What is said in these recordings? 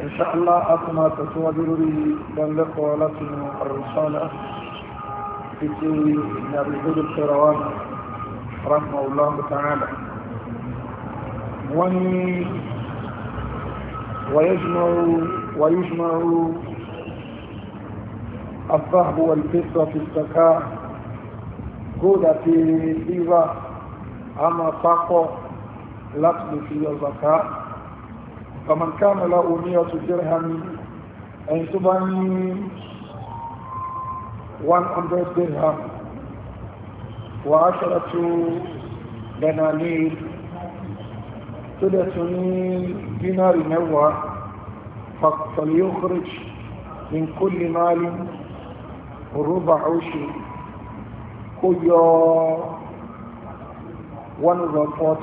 insha Allah a tún máa tẹ̀síwájú lórí ìdánilẹ́kọ̀ọ́ láti inú àrùsọ́lá títí ní àbíjọ́dọ̀ tẹ́rawa rahmaullah ta'ala wọ́n ní ويجمع الذهب والفضة في الزكاة kódà tí rírà a máa pápọ̀ láti lè fi yọ zaka فمن كان له نية درهم أن تبني 100 درهم وعشرة دنانير ثلاثين دينار نوع فليخرج من كل مال ربع عشر كل 140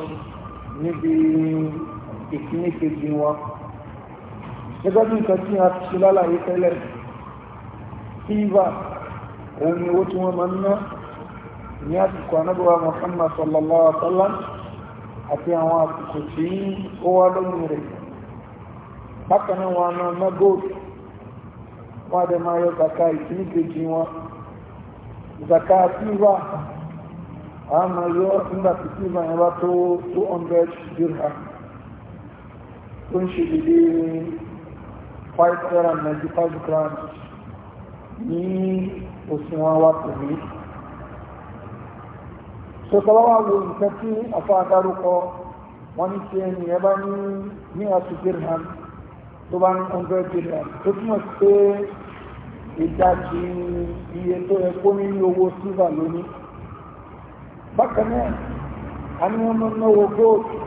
níbi ìkíní kejì wọn gẹ́gẹ́ bí nǹkan tí a ti ṣe lálàyé tẹ́lẹ̀ fíìvà òun ni owó tí wọ́n máa ń ná ní àsìkò anábíwá Muhammad sallallahu alaihi wa sallam àti àwọn àsìkò tí ó wá lóyún rẹ̀ bákan náà wọn 200 dirham tó ń ṣe dédé 595 grams ní òṣùwọ̀n wa kò ní sọ́tọ́lọ́wà wo nǹkan tí afọ́ adárúkọ wọ́n ní tí ẹni ẹ bá ní ní ọ̀sùn dirham tó bá ní 100 dirham tó túnmọ̀ sí pé ìdájí iye tó yẹ kó ní owó sílvà lónìí bákan a ní wọ́n mọ́ náwó góòtù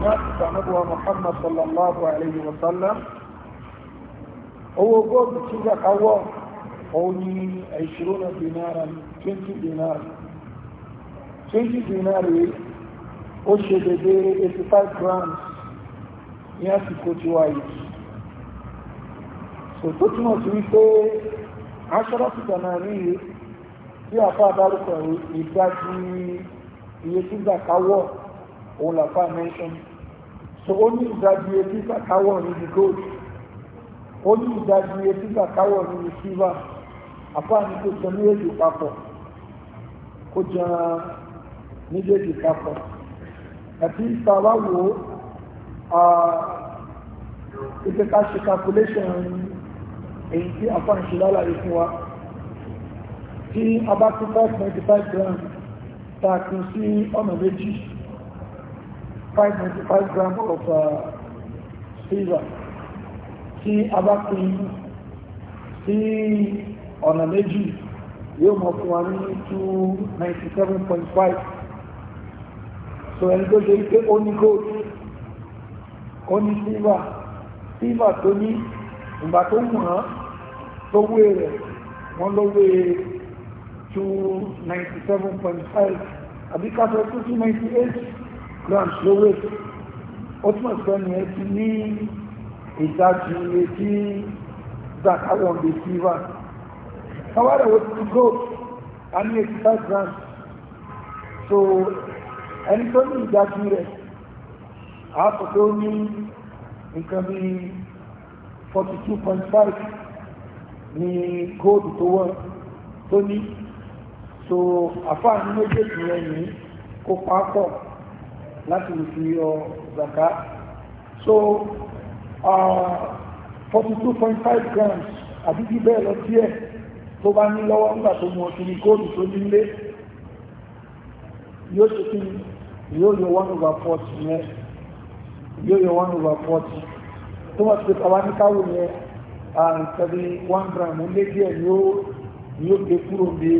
láti ànábùwà Muhammad sallallahu alayhi wa sallam owó góòlù tí zaka dinara twenty dinara twenty dinara o ṣe eighty five grams ní àsìkò tí wáyé tó túnmọ̀ sí wípé aṣọ́rọ̀ títà náà rí tí àfáà dárúkọ iye tí zaka òun làfà mẹ́ṣọ́n so ó ní ìdájú etí kàkáwọ̀ níbi gold ó ní ìdájú etí kàkáwọ̀ níbi silver àfà ní kò jẹ méjèèjì papọ̀ kó jẹ méjèèjì papọ̀ àti ìta wá wò ó ìpẹ́ká ṣe calculation èyí tí àfà ń ṣe lálàyé fún wa tí a bá tún 5.5 grams ta sí ọ̀nà méjì 5.5 gram of uh, silver tí a bá pín sí ọ̀nà méjì yóò mọ̀ fún wa ní 297.5 so ẹni tó ṣe pé ó ní gold ó ní silver silver tó ní ìgbà tó wùn án tó wé rẹ̀ wọ́n ló wé 297.5 àbí ká sọ 298 grams ló wé ó túnmọ̀ sọ ni ẹ ti ní ìdájú etí zakawon bíi tí wà káwárẹ̀ wo ti gold a ní eighty five grams so ẹni tó ní ìdájú rẹ̀ a sọ pé ó ní nǹkan bíi forty two point five ní gold tó wọ́n tó ní so àfáà ní méjèèjì rẹ̀ ní kó pa á pọ̀ láti lè fi yọ zaka so uh, forty two point five grams àbí bí bẹ́ẹ̀ lọ díẹ̀ tó bá ní lọ́wọ́ nígbà tó mú ọtí ní góòlù tó nílé yóò ṣe kí yóò yọ one over forty yẹn yóò yọ one over forty tó wọ́n ti pè tàwa ní káwò yẹn àǹtẹ̀lé one gram ó lé díẹ̀ yóò yóò gbé kúrò bí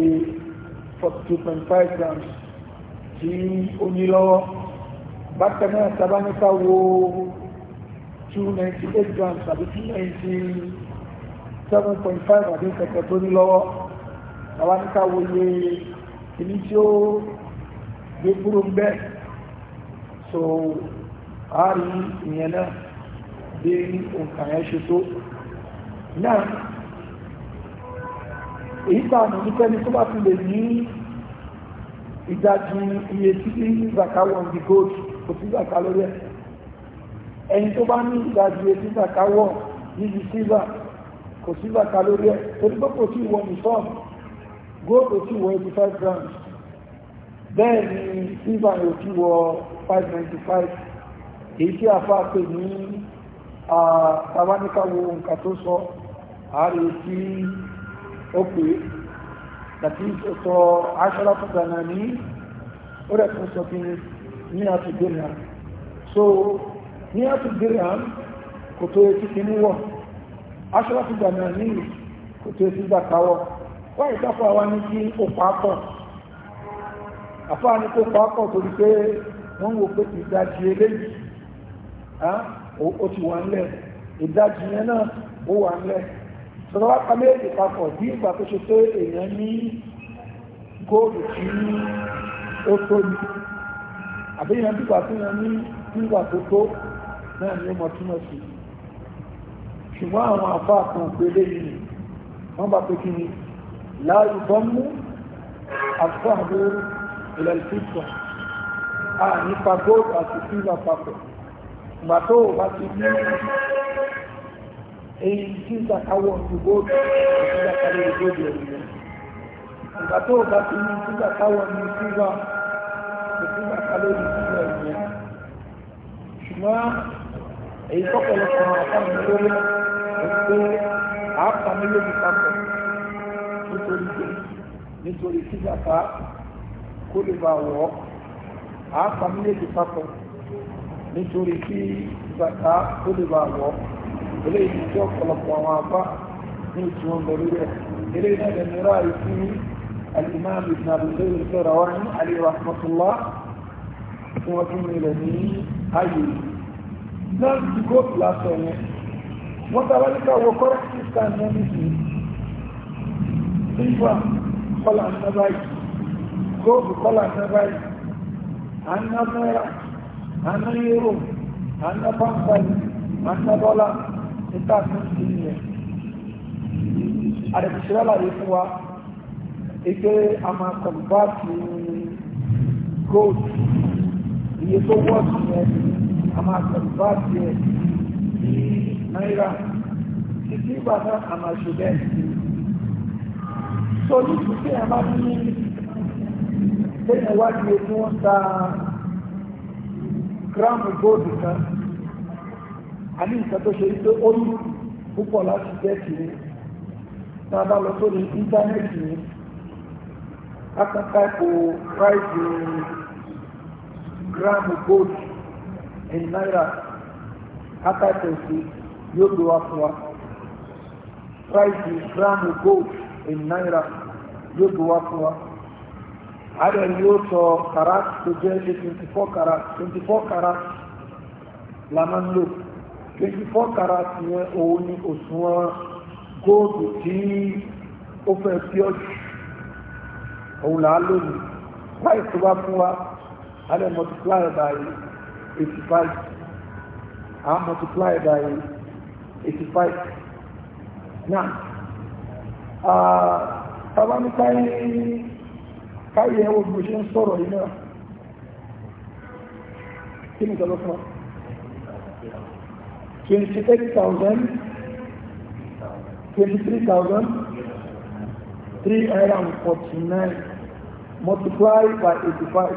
forty two point five grams tí ó ní lọ́wọ́ bákan náà sábáníká wo 298 grams àbí 297.5 àbí kẹ̀kẹ́ tó ní lọ́wọ́ sábáníká wo iye ìní tí ó gbé kúrò ń bẹ́ so a rí ìyẹn náà bí òǹkà yẹn ṣe tó náà èyí tàà nù nípẹ́ ní tó bá fi lè ní ìdájú iye tí zakawo ń di góòtù kò sí zaka lórí ẹ̀ ẹni tó bá ní ìdájú etí zaka wọ̀ níbi sílvà kò sí zaka lórí ẹ̀ torí pé kò sí wọ nìfọ́ọ̀mù góòlù sí wọ 85 grams bẹ́ẹ̀ ni sílvà yóò sí wọ 595 èyí tí a fà pè ní àtàbáníkàwò nǹkan tó sọ ààrẹ tí ó pè tàbí sọ aṣọ́lá tó gbà náà ní ó rẹ̀ tó sọ kí مئة درهم so مئة درهم kò tó etí kìíní wọ̀ aṣọ́láṣí gbàmìlà nílùú kò tó etí gbàkáwọ̀ wọ́n ìtàkùn àwa ní kí ó torí pé wọ́n wò pé ìdajì eléyìí ó ti wà ńlẹ̀ ìdajì yẹn náà ó wà ńlẹ̀ sọ̀rọ̀ wá méjì papọ̀ bí ìgbà tó ṣe pé èèyàn ní góòlù tí ó àbíyàn pípa tí wọ́n ní nígbà tó tó náà ni ó mọ̀ túnmọ̀ sí ṣùgbọ́n àwọn àfá kan pélé yìí wọ́n bá pé kí ni láàrù bọ́mú àfáàbò ìlẹ̀lẹ́fíṣọ̀ a nípa gold àti silver papọ̀ ìgbà tó o bá ti ní èyí tí ń sàkáwọ̀ ju gold àti sàkáwọ̀ ju ìgbà tó o bá ti ní sísàkáwọ̀ ju silver lórí ìlú ẹ̀yẹ ṣùgbọ́n èyí nítorí kí bàbá kó lè bá wọ̀ ọ́ àápàmì ọ̀pọ̀lọpọ̀ àwọn àbá ní rẹ̀ tí wọ́n tún rẹ̀ ní ayé náà ti góòtù lásán yẹn wọ́n tàbá nípa wọ kọ́rẹ́kì sàn náà nìyí nígbà kọ́là ń náà báyìí góòtù kọ́là ń náà báyìí à ń ná náírà à ń ná euro à ń ná pàǹpáì à níta fún ìyẹn àdẹ̀kùsílẹ̀ àlàyé fún wa ike a máa kọ̀ǹbá sí gold iye tó wọ́ sí yẹn a máa tẹ̀lé bá tiẹ̀ ní náírà títí ìgbà náà a máa ṣe bẹ́ẹ̀ sí i. so ní títí ẹ̀ máa ní lẹ́yìn ìwádìí tí wọ́n ta gíráàmù góòdù kan àní nǹkan tó ṣe pé ó ní púpọ̀ láti jẹ́ kiri tá a bá lọ sórí íńtánẹ́ẹ̀tì yìí a kan ká ipò gram gold in naira akátẹ̀sí yóò gbé wá fún wa price in gram gold in naira yóò do wá fún wa adẹ̀ yóò sọ karat tó jẹ́ ṣe twenty four karat twenty four karat la máa ń lò twenty four karat yẹn òun ni òṣùwọ̀n góòdù tí ó fẹ́ pure jù òun là á lónìí price tó bá fún wa and then multiply by 85 and multiply by 85 now uh, tàbá ní káyí ẹwọ bí ṣe ń sọ̀rọ̀ yìí náà kí ni tọ́lọ́ fún 28,000 23,349 multiply by 85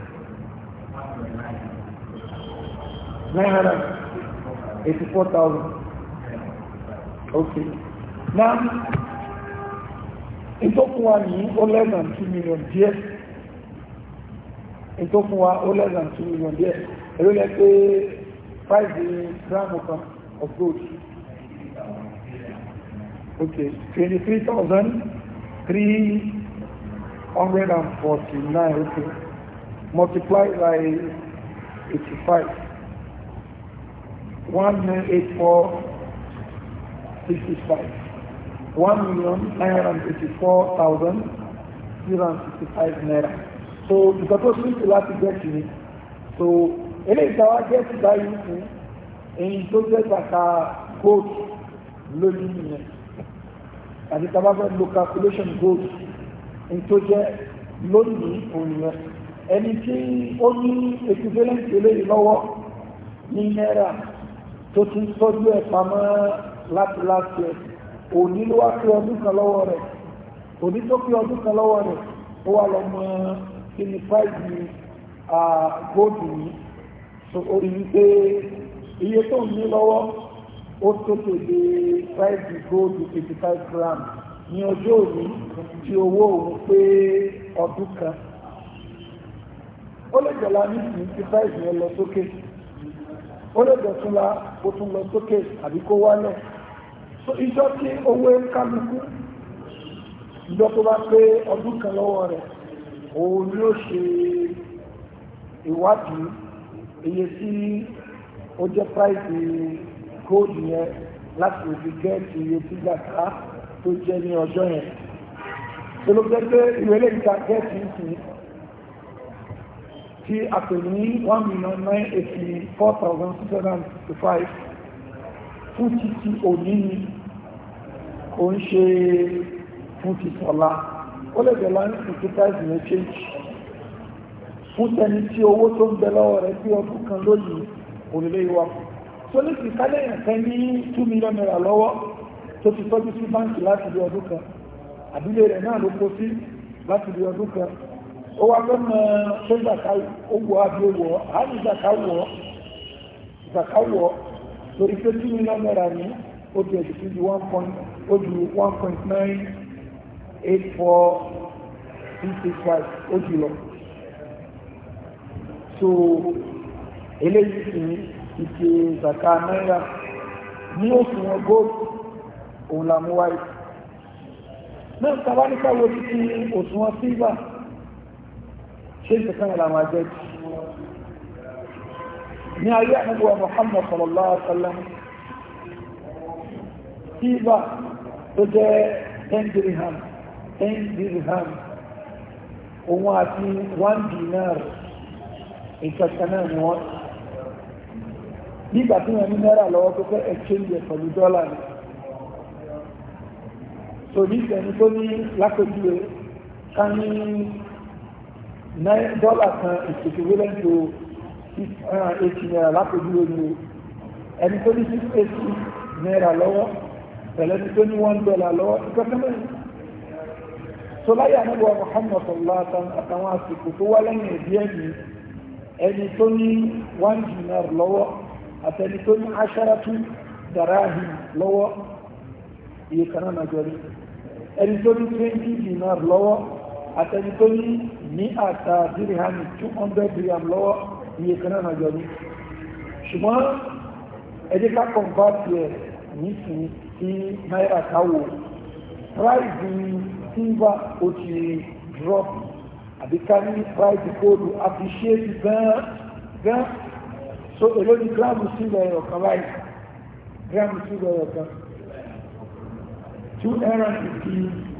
nine hundred eighty four thousand okay now ìtọ́kùn wa ní ó less than two million díẹ̀ ìtọ́kùn wa ó less than two million díẹ̀ èrò lẹ́ pé five gram kan of gold okay twenty three thousand three hundred and forty nine okay multiply by 85 198465 1,984,065 naira so nǹkan tó ṣíṣe láti gẹ́ẹ̀tì ni so eléyìí tàwa gẹ́ẹ̀tì báyìí fún èyí tó jẹ́ kàkà gold lónìí nìyẹn àti tàbá fẹ́ lo calculation gold èyí tó jẹ́ learning òun nìyẹn ẹni tí ó ní equivalent eléyìí lọ́wọ́ ní náírà tó ti tọ́jú ẹ̀ pamọ́ láti láti ẹ̀ òní ló wá pé ọdún kan lọ́wọ́ rẹ̀ òní tó pé ọdún kan lọ́wọ́ rẹ̀ ó wà lọ́mọ kí ni fáìlì góòdù yìí so orí wípé iye tó ń ní lọ́wọ́ ó tó tèlé fáìlì góòdù 85 gram ní ọjọ́ òní tí owó òun pé ọdún kan ó lè jọ̀la ní ìsìn tí price yẹn lọ sókè ó lè dọ̀túnla ó tún lọ sókè àbí kó wálẹ̀ so iṣọ́ tí owó kálukú ìjọ tó bá pé ọdún kan lọ́wọ́ rẹ̀ òun ni ó ṣe ìwádìí iye tí ó jẹ́ price gold yẹn láti òfin gẹ́ẹ̀tì iye tí gbàgbá tó jẹ́ ní ọjọ́ yẹn tó ìwé lè gba gẹ́ẹ̀tì ń tí a pè ní 1,984,605 fún títí òní ni kò ń ṣe fún títí ọ̀la ó lè bẹ̀lá ní ìpítàìsì méjèèjì fún tẹni tí owó tó ń bẹ lọ́wọ́ rẹ̀ bí ọdún kan lóyìí òrìlé ìwà tó ní ti kálẹ̀ ẹ̀kẹ́ ní 2 million naira lọ́wọ́ tó ti tọ́jú sí báńkì láti bí ọdún kan àdílé rẹ̀ náà ló kó sí láti bí ọdún kan ó wá fẹ́ mọ́ ṣe owó àbí owó àbí zakawọ́ zakawọ́ torí pé tí mílíọ̀n náírà ní ó ti ẹ̀sì sí ju 1.98465 ó jù lọ so eléyìí sì ní ìṣe zaka náírà ní òṣùwọ̀n gold òun làmúwáyé náà tàbá nípa wo ti òṣùwọ̀n silver ṣe ń tẹ̀kẹ́ ìlànà àjẹ́ jù ní ayé àmúgbà Muhammad sallallahu alaihi wasallam tíbà tó jẹ́ 10 dirham 10 dirham òun àti 1 dinar ìkẹ̀kẹ̀ẹ́ ni wọ́n nígbà tí wọ́n ní náírà lọ́wọ́ tó fẹ́ exchange pẹ̀lú dọ́là ni so ní ìṣẹ́ni tó ní lápẹ̀jú ká ní nine dollars kan is equivalent to six uh, naira lápòjú ojú ẹni tó ní six naira lọ́wọ́ pẹ̀lú ẹni tó ní one dollar lọ́wọ́ ìkọ́kọ́ mẹ́rin tó láyé ànábọ̀ Muhammad sallallahu àtàwọn àsìkò tó wá lẹ́yìn ẹ̀bí ẹ̀mí ẹni tó ní one dinar lọ́wọ́ àtẹni tó ní aṣáratu dàráhì lọ́wọ́ iye kan náà nàjọ ẹni tó ní twenty dinar lọ́wọ́ tó ní ní àta dírìhàmì 200 dirham lọ́wọ́ iye kan náà jọ ní ṣùgbọ́n ẹjẹ́ ká kọ̀ǹfàtì ẹ̀ nísìnyí sí náírà káwò price silver ó ti drop àbí ká ní price gold appreciate gan gan so èló ni gíráàmù sílẹ̀ ọ̀kan báyìí gíráàmù sílẹ̀ ọ̀kan 250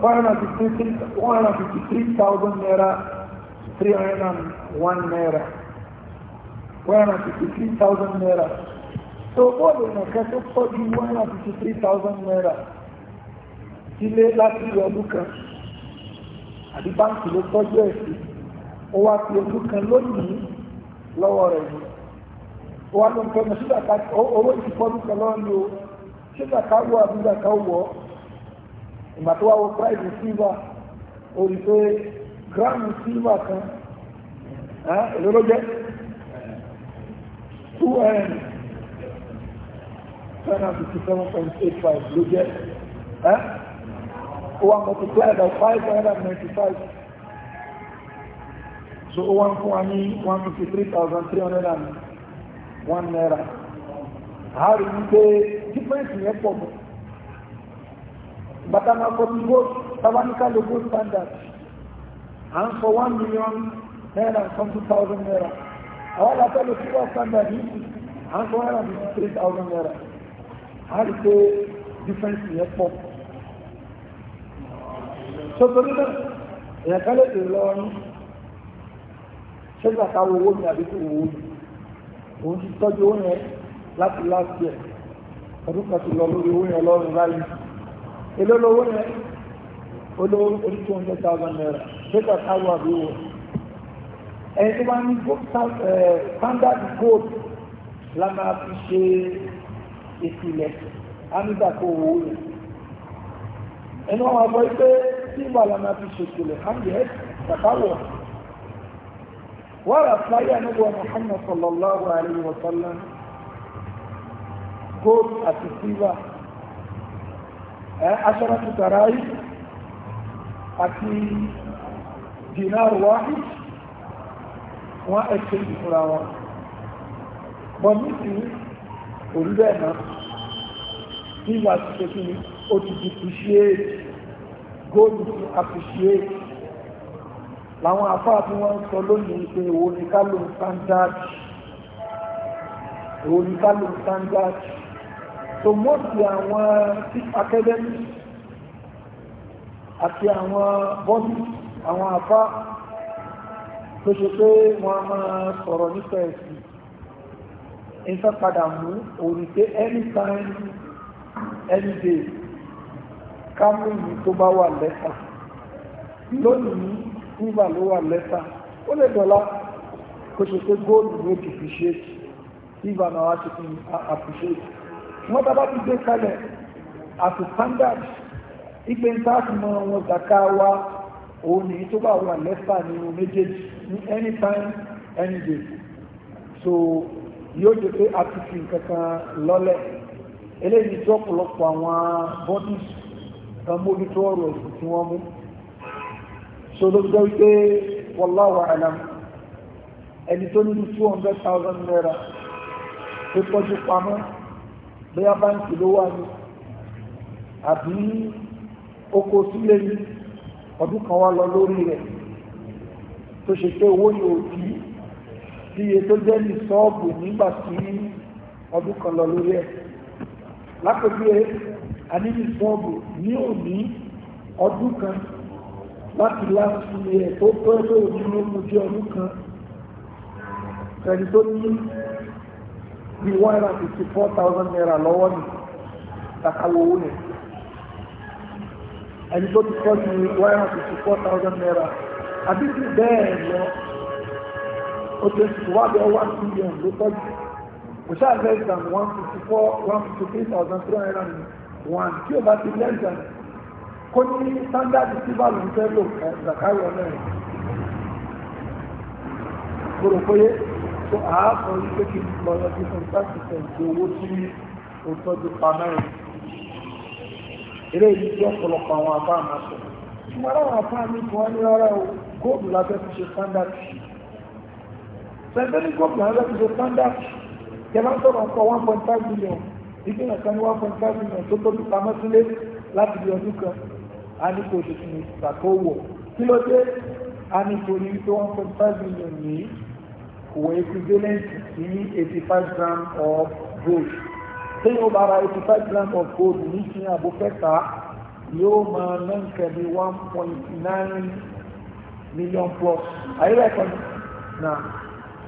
153,000 naira, 301 naira. 153,000 naira. So bọ́ọ̀lù ìrìnàkẹ́ tó pọ̀ ju 153,000 naira sílé láti ìwé ọdún kan. Àbí báńkì ló tọ́jú ẹ̀ sí. Ó wá fi ọdún kan lónìí lọ́wọ́ rẹ̀ ni. Ó wá ló ń tọ́jú ṣúgbà ká owó ìfipọ́dún kan lọ́wọ́ ni o. Ṣúgbà ká wọ àbúgbà ká wọ̀ ọ́ ìgbà tó wá wo price silver orí gíráàmù silver kan èlò ló jẹ́ two n ten and fifty seven point eight five ló jẹ́ ó wá multiply by five hundred and ninety five so ó wá ń fún wa ní one fifty three thousand three hundred and one naira. a rí i pé difference yẹn pọ̀ mọ́ bàtà máa kọ́ sí gold táwa ní ká lo gold standard à ń one million naira and something thousand naira àwọn àlàfẹ́ lo silver standard yìí à ń sọ one and three thousand naira a rí pé difference yẹn pọ̀ sọ́tọ́ nígbà èèyàn kan lè dè lọ́rùn ṣẹ́gbà táwọn owó mi àbí kò wò ó òun ti tọ́jú owó yẹn láti last year ọdún kan ti lọ lórí owó yẹn lọ́rùn báyìí èló lówó yẹn olówó orí two hundred thousand naira data táwọn àbí wò ẹni tó bá ní standard gold la máa fi ṣe ìpìlẹ̀ ánígbà tó wò ó yẹn ẹni wọn máa sọ pé sílva fi ṣe ìpìlẹ̀ ánígbà kàkà wọ̀ wọ́n rà fúláyà nígbà Muhammad sallallahu alayhi wa gold àti silver. عشرة ترايب àti dinar wahid wọ́n ẹ̀kẹ́ ìfúra wọn bọ́mí sí orílẹ̀ náà nígbà tí ṣe kí ni ó ti depreciate góòlù ti appreciate láwọn afáà tí wọ́n sọ lónìí pé èwo ni ká standard so mostly àwọn academy àti àwọn bọ́dì àwọn àfá tó ṣe pé wọ́n a máa sọ̀rọ̀ nípa ẹ̀sìn nǹkan padà mú òní pé anytime any day kámúrù tó bá wà lẹ́tà lónìí nígbà ló wà lẹ́tà ó lè dọ̀la kó ṣe pé góòlù ló kìí fi ṣe ìgbà náà wá ti fi appreciate wọ́n bá bá ti gbé kalẹ̀ àti standard ìgbé ń tààtì mọ́ wọn zaka wa òun ní tó bá wà lẹ́fà nínú méjèèjì ní anytime any day so yóò jẹ́ pé a ti fi nǹkan kan lọ́lẹ̀ eléyìí tí ọ̀pọ̀lọpọ̀ àwọn bodies kan mójútó ọ̀rọ̀ ẹ̀sìn tí wọ́n mú so ló jẹ́ wípé wallahu alam ẹni tó nínú two hundred thousand naira tó tọ́jú pamọ́ bóyá báńkì ló wà ní àbí oko sílé ní ọdún kan wá lọ lórí rẹ̀ tó ṣe pé owó yóò di sí iye tó jẹ́ ní sọ́ọ̀bù nígbà tí ọdún kan lọ lórí ẹ̀ lápẹ̀bíyẹ a ní ní sọ́ọ̀bù ní òní ọdún kan láti láti ẹ̀ tó pẹ́ lóòní ló mú jẹ́ ọdún kan ẹni tó ní bí one hundred and fifty four thousand naira lọ́wọ́ ni takawo owó ni ẹni tó ti kọ́ ju one hundred and fifty four thousand naira àbí ti bẹ́ẹ̀ lọ ó ti sùn wá bẹ́ẹ̀ one million ló tọ́jú kò ṣáà less than one fifty four one fifty three thousand three hundred and one tí o bá ti less than kó ní standard silver ló ń fẹ́ lò zakari ọ̀nà rẹ̀ gbọ́dọ̀ péye tó àápọ̀ wípé kí n lọ yọ sí twenty five percent owó tí o tọ́jú pa mẹ́rin eré yìí jẹ́ ọ̀pọ̀lọpọ̀ àwọn afá àmàṣọ ṣùgbọ́n àwọn afá mi kan ní rárá o góòlù la fẹ́ fi ṣe standard sẹ́ńtẹ́rì góòlù la fẹ́ fi ṣe standard kẹfà sọ̀rọ̀ ọkọ̀ one point five million ìgbìyànjú kan ní one point million tó tọ́jú pamọ́ láti di ọdún kan a ní kò ṣe fún mi tàkó wọ̀ kí ló dé a ní torí wípé one million yìí were equivalent to eighty five gram of gold tí yóò bá ra eighty five of gold ní ti àbúfẹ́ta yóò máa ná nǹkan bí one point nine million plus àyẹ̀wò ẹ̀kọ́ náà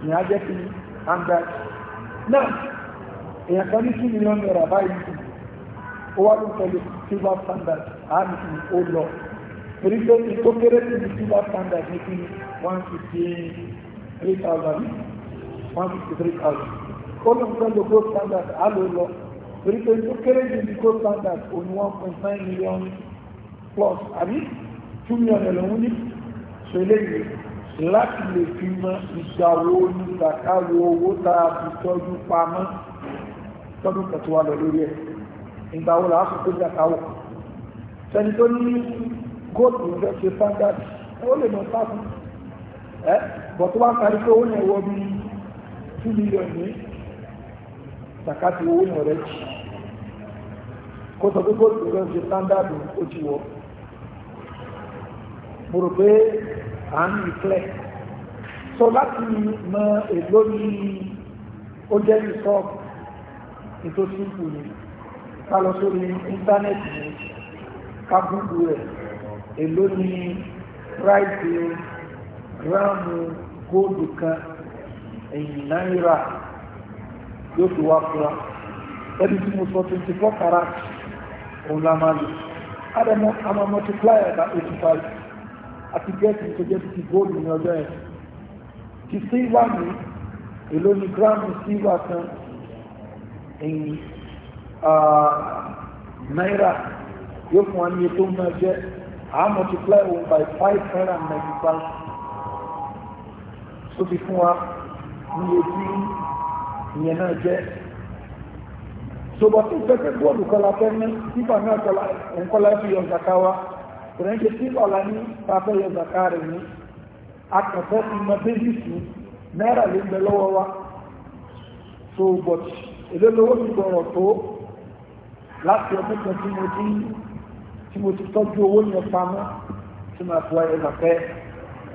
ní ajẹ́ kí hundred náà èèyàn kan ní two million naira báyìí ó wá ló ń tẹ̀lé silver standard àmì ó lọ torí pé ìtókéré sí silver standard ní kí one fifty three thousand one fifty three thousand ó ló ń fẹ́ gold standard á ló lọ torí pé tó kéré jù ní gold standard ó ní one point nine million plus àbí two million ẹ̀ lòún ní ṣe léyìí láti lè fi mọ ìgbà wo ní kàkà wo owó tá a fi tọ́jú pamọ́ tọ́dún kan tó wà lọ lórí ẹ̀ ìgbà wo làá fún kóńdà káwọ̀ sẹ́ni tó ní góòtù standard ó lè mọ̀ sáfún ẹ́ bọ̀ tó bá ń parí pé owó yẹn wọ bí two million ní sàkátì owó yẹn rẹ̀ jì kó sọ pé gold program ṣe standard ó ti wọ̀ mo rò pé à ń reflect so láti mọ èlò ní ó jẹ́ ìsọ́ọ̀bù ètò sínkù ni ká lọ sórí íńtánẹ́ẹ̀tì ní ká gúgú rẹ̀ èlò ní price gíráàmù góòlù kan ẹ̀yìn náírà yóò fi wá fún wa ẹbí tí mo sọ twenty four karat òun la máa lò ádámọ́ a máa multiply by eighty five àti gẹ́ẹ̀tì tó jẹ́ ti góòlù ní ọjọ́ yẹn ti sílvà ní èlò ní gíráàmù sílvà kan ẹ̀yìn náírà yóò fún wa ní ètò máa jẹ́ a multiply òun by five tó fi fún wa níye tí ìyẹn náà jẹ́ sọ̀bọ̀ tó fẹ́fẹ́ bọ́ọ̀lù kọlá fẹ́ ní nígbà náà kọlá fi yọ zaka wa kìrẹ́ńkẹ́ tí ọ̀la ní pàfẹ́ yọ zaka rẹ̀ ní akẹfẹ́ ìmọ̀ bẹ́sìsì náírà ló ń lọ́wọ́ wa so but èlé lówó ti gbọ̀rọ̀ tó láti ọdún kan tí mo ti tọ́jú owó yẹn pamọ́ tí mo àfọwọ́ yọ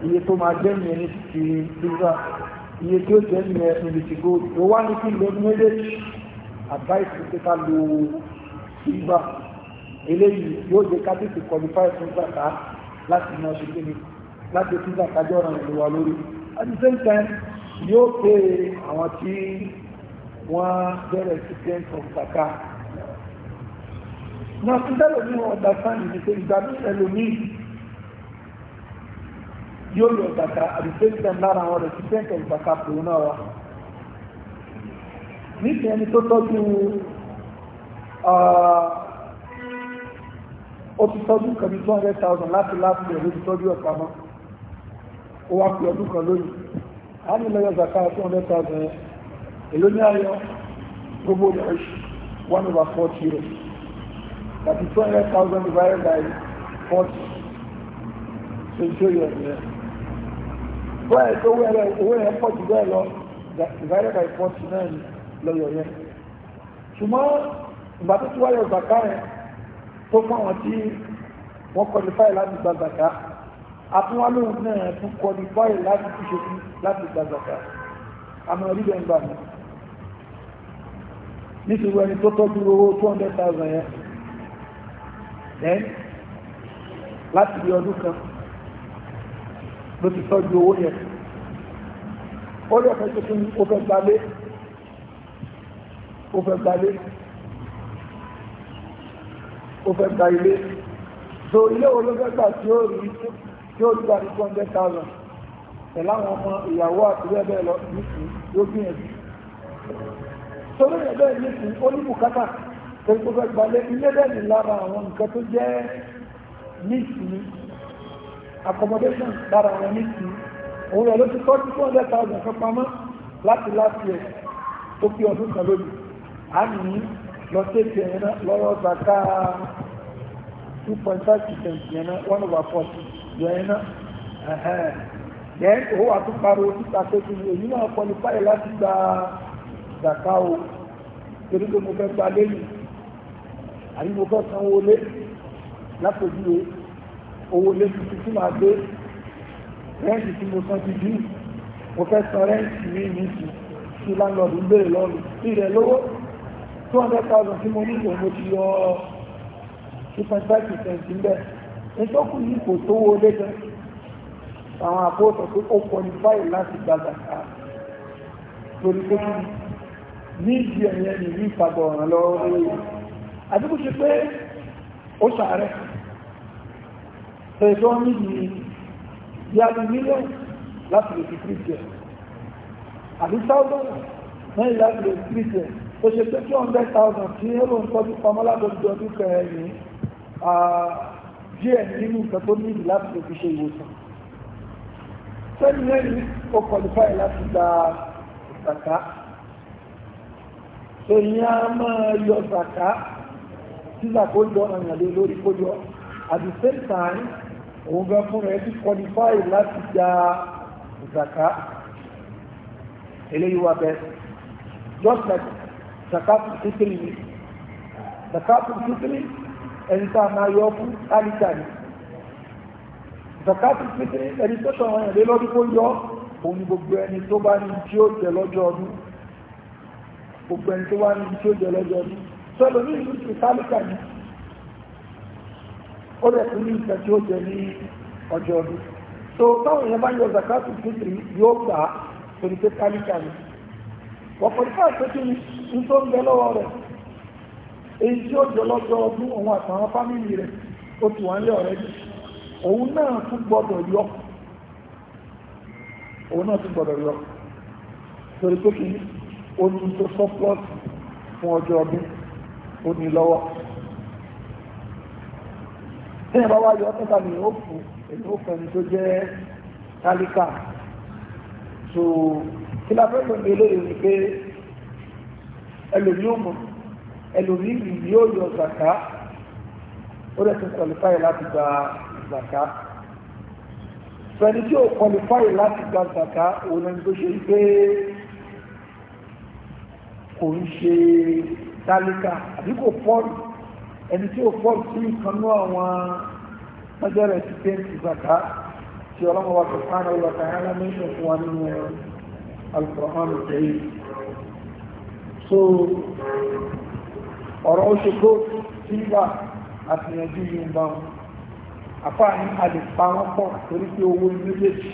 iye tó máa jẹ́ mi ẹni ti pizza iye tí ó jẹ́ mi ẹni ti gold ó wá ní kí lọ méjèèjì advice pé ká lo silver eléyìí yóò jẹ́ ká tètè qualify fún zaka láti mọ ṣe kíni láti fún zaka jọ ọ̀ràn ìlú wa lórí at the same time yóò pé àwọn tí wọ́n bẹ̀rẹ̀ recipient of yóò yọ ìgbàkà àdìsẹ́ńtẹ̀ lára àwọn rẹ̀ sísẹ́ńtẹ̀ ìgbàkà pẹ̀lú náà wa nítorí ẹni tó tọ́jú ó ti tọ́jú kan ní 200,000 láti láti ẹ̀rọ ti tọ́jú ọ̀pá mọ́ ó wá pè ọdún kan lónìí a ní lọ́yọ̀ ìgbàkà 200,000 èló ní ayọ̀ gbogbo rẹ̀ one over forty rẹ̀ that is 200,000 divided by forty so show you ọ̀rẹ́ bọ́ ẹ̀ tó wẹ́rẹ́ owó rẹ̀ pọ̀ jù bẹ́ẹ̀ lọ divided by forty náà ni lọ́yọ̀ yẹn ṣùgbọ́n ìgbà tó ti wáyọ̀ zaka yẹn tó fún àwọn tí wọ́n qualify láti gba zaka àtúnwálóhùn náà tún qualify láti fi ṣe láti gba zaka àmọ́ rí bẹ́ẹ̀ ń gbà mí nítorí ẹni tó tọ́jú owó 200,000 yẹn láti bí ọdún kan ló ti tọ́jú owó yẹn ó lè fẹ́ tuntun ó fẹ́ gbalé ó fẹ́ gbalé ó fẹ́ gba ilé so ilé wo ló fẹ́ gbà tí ó rí tí ó gbà ní two hundred thousand pẹ̀lú àwọn ọmọ ìyàwó àti bẹ́ẹ̀ bẹ́ẹ̀ lọ nísìnyí yóò gbìyànjú torí ẹ̀ bẹ́ẹ̀ nísìnyí ó ní bùkátà pé ó fẹ́ gbalé ilé bẹ́ẹ̀ ni lára àwọn nǹkan tó jẹ́ nísìnyí accommodation lára àwọn oníṣìí òun rẹ̀ ló ti tọ́jú two hundred thousand kan pamọ́ láti last year tó kí ọdún kan lónìí a ní lọ sí èsì ẹ̀yẹn náà lọ́wọ́ zaka two point five percent yẹn náà one over forty yẹn náà yẹn òun àtúpariwo títa pé kí ni èyí náà qualify láti gba zaka o torí pé mo fẹ́ gba lẹ́yìn àbí mo fẹ́ sanwó lé lápòjú o owó lé tuntun tí máa gbé rẹ́ǹtì tí mo san ti dì í mo fẹ́ san rẹ́ǹtì mi ní ti tí láńlọ́ọ̀dù ń béèrè lọ́ọ̀lù tí rẹ̀ lówó two hundred thousand tí mo ní kò mo ti yọ two point five percent níbẹ̀ nítòkù yìí kò tówó lé gan àwọn àpótò pé ó qualify láti gbàgbà ká torí pé ní ìdí ẹ̀yẹn ní ìfagbọ̀ ọ̀ràn lọ́wọ́ lórí àdúgbò ṣe pé ó ṣàárẹ̀ ẹjọ́ níbi yàrá mílíọ̀n láti lè fi kírísẹ̀ àbí sáúdọ̀nà mẹ́rin láti lè fi kírísẹ̀ ó ṣe pé 200,000 tí ẹ̀rọ ń tọ́jú pamọ́ lábọ́jọ́ ọdún kẹrin díẹ̀ nínú nǹkan tó níbi láti lè fi ṣe ìwòsàn sẹ́ni mẹ́rin ó kọlifáì láti gba ìsàkà èyàn á máa yọ ìsàkà at the same time òun gan fún rẹ̀ ti kọlifáì láti gba zaka eléyìí wà bẹ́ẹ̀ just like zakatu fitiri ni zakatu fitiri ẹni tá a máa yọ fún alita ni zakatu fitiri ẹni tó sọ̀rọ̀ yẹn lé lọ́dún kó yọ òun ni gbogbo ẹni tó bá ní tí ó jẹ lọ́jọ́ ọdún gbogbo ẹni tó bá ní tí ó jẹ lọ́jọ́ ọdún sọ́dọ̀ ní ìlú ti sálíkà ni ó rẹ̀ fún ní nǹkan tí ó jẹ ní ọjọ́ ọdún so táwọn èèyàn bá yọ zakatu fitri yóò gbà á torí pé kálíkà ni wọ́n pẹ̀lú káàkiri kí ní tó ń bẹ lọ́wọ́ rẹ̀ èyí tí ó jọ lọ́jọ́ ọdún òun àtàwọn fámìlì rẹ̀ ó tù wọ́n lé ọ̀rẹ́ jù òun náà tún gbọ́dọ̀ yọ òun náà tún gbọ́dọ̀ yọ torí pé kí ní omi tó fún ọjọ́ ọdún ó ní lọ́wọ́ tẹ́yìn bá wáyọ ọ́tọ́ta ni ó fún èyí ó fẹ́ni tó jẹ́ tálíkà so kí la fẹ́ pẹ̀lú eléyìí ni pé ẹlòmí ò mọ̀ ẹlòmí yìí yóò yọ zàká ó lè tún kọlifáì láti gba zàká fẹ́ni tí ó kọlifáì láti gba zàká òun ẹni tó ṣe pé kò ń ṣe tálíkà àbí kò pọ́ọ̀lù ẹni tí ó fọ́ sí ìkanú àwọn ọjọ́rẹ̀ ti tẹ́ ìzàká tí ọlọ́mọwà sọ̀tánà olùkàyánà mẹ́sàn fún wa nínú alkùrán tẹ́yì so ọ̀rọ̀ òṣèkó sílvà àtìyànjú yìí bá wọn àfáà ní àlèpá wọn pọ̀ torí pé owó méjèèjì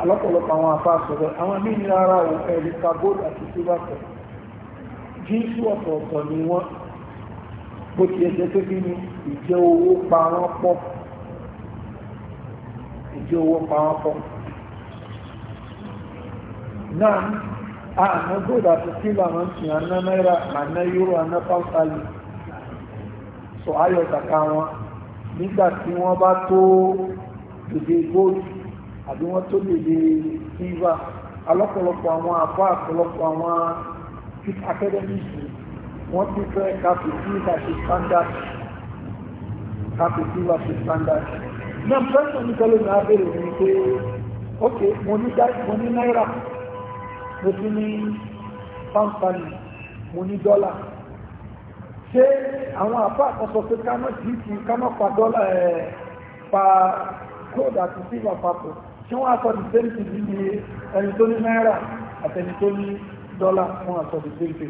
alọ́pọ̀lọpọ̀ àwọn àfáà sọ̀rọ̀ àwọn míì ní ara ẹ̀rí ka àti silver pẹ̀lú jíṣù ọ̀tọ̀ọ̀tọ̀ ni wọ́n bó ti ẹ̀jẹ̀ pé kí ni ìjẹ́ owó pa wọ́n pọ̀ ìjẹ́ owó pa pọ̀ náà àná gbọ́dọ̀ àti sílà máa ń tìyàn ná náírà àná yúrò àná pàṣálì sọ ayọ̀ kàkà wọn nígbà tí wọ́n bá tó dèdè àbí wọ́n tó dèdè alọ́pọ̀lọpọ̀ àwọn àpọ̀lọpọ̀ àwọn scientific academies wọ́n ti fẹ́ capital versus standard capital versus standard náà pẹ́sọ̀ ní kọ́lé náà bẹ̀rẹ̀ ní pé ok mo ní mo ní náírà mo tún ní pàmpani mo ní dọ́là ṣé àwọn àpá àkọsọ pé ká má dì í kí ká má pa dọ́là ẹ̀ pa gold àti silver papọ̀ tí wọ́n á sọ the same thing ní ẹni tó ní náírà àtẹni tó ní dọ́là fún àtọ̀dù pépè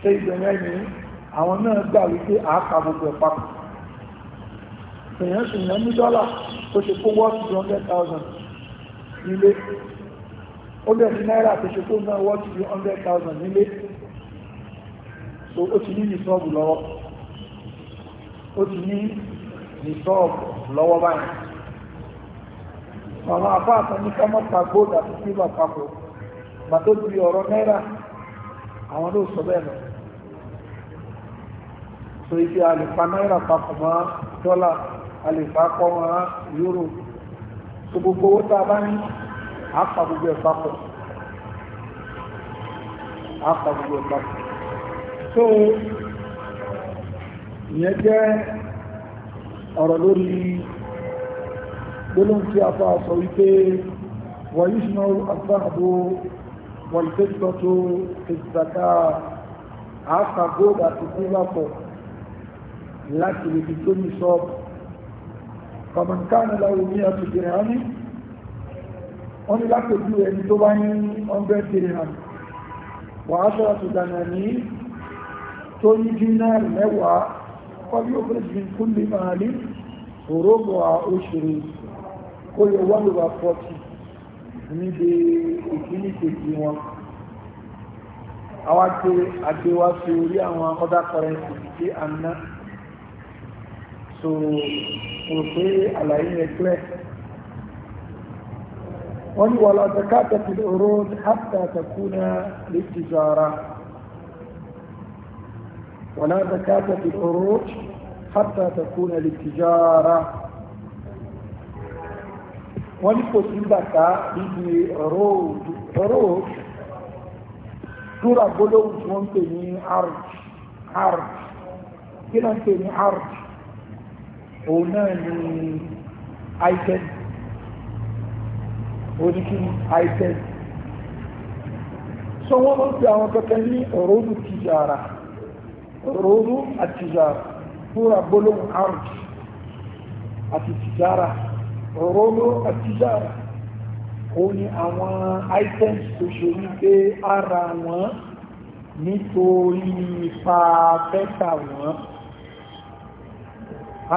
ṣé ìgbẹ̀yẹ ni àwọn náà gbà wípé àápa gbogbo ẹ̀ papọ̀ èèyàn sì yàn ní dọ́là tó ṣe kó wọ́ọ̀tù two hundred thousand nílé ó bẹ̀ ní náírà tó ṣe kó náà wọ́ọ̀tù two nílé ó ti ní nìsọ́ọ̀bù lọ́wọ́ ó ti ní nìsọ́ọ̀bù lọ́wọ́ báyìí àwọn àbá àtàníkà mọ́ta góòdù àti sílvà papọ̀ gbàtó ti ọ̀rọ̀ náírà àwọn ló sọ bẹ́ẹ̀ lọ so ibi àlèfà náírà papọ̀ mọ́ dọ́là àlèfà pọ̀ mọ́ yúrò so gbogbo owó tá a bá ní àpà gbogbo ẹ̀ papọ̀ àpà gbogbo ẹ̀ papọ̀ so ìyẹn jẹ́ ọ̀rọ̀ lórí gbólóhùn tí a fọ́ àṣọ wípé wọ́n yìí àgbà àbò والفضة في الزكاة عفا جودا تقولكو لكن بدون صوب فمن كان له مئة درهم wọ́n ní lápòjú ẹni tó bá ní 100 dirham wà á ṣọ́ra tó dànà ní tó ní dínárì mẹ́wàá kọ́bí ó fẹ́ jìn kún lè máa ní òrógbò níbi ìpínlẹ̀ wọn àwọn àti àgbéwá sí orí àwọn other currency tí a ń ná so rò pé àlàyé yẹn clear wọ́n ní wọ́n lọ zakata fi oró hatta takuna litijara wọ́n lọ zakata fi oró hatta takuna litijara wọ́n ní kò sí bàtà níbi road túra gbólóhùn tí wọ́n ń pè ní arj kí ló ń pè ní arj òun náà ni item oníkìní item so wọ́n máa ń pè àwọn kankan ní road tijara road àtijara túra gbólóhùn arj àti tijara rọ́lọ́ àtijára ó ní àwọn items tó ṣe wípé ara wọn nítorí ipa fẹ́ta wọn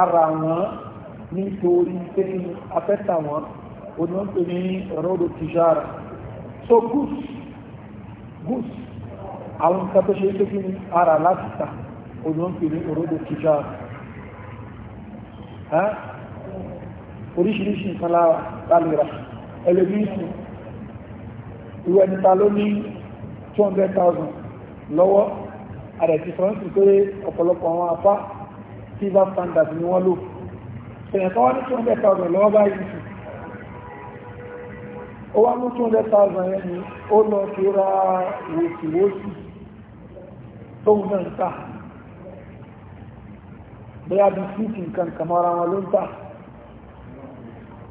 ara wọn nítorí pé afẹ́ta wọn ó ní wọ́n pè ní rọ́lọ́ àtijára so goose goose àwọn nǹkan tó ṣe wípé kí ni ara láti ta ó ní wọ́n pè ní rọ́lọ́ àtijára oríṣiríṣi nǹkan lára lálẹ́ra ẹlẹ́bíìsì irú ẹni ta ló ní 200,000 lọ́wọ́ àdẹ̀tí fọ́nsì pé ọ̀pọ̀lọpọ̀ àwọn apá silver standard ni wọ́n lò ṣèyàn kan wá ní 200,000 lọ́wọ́ báyìí sí ó wá mú 200,000 yẹn ni ó lọ sí ra wòsíwòsí tóun náà ń tà bóyá bí síìtì nǹkan kàmọ́ra wọn ló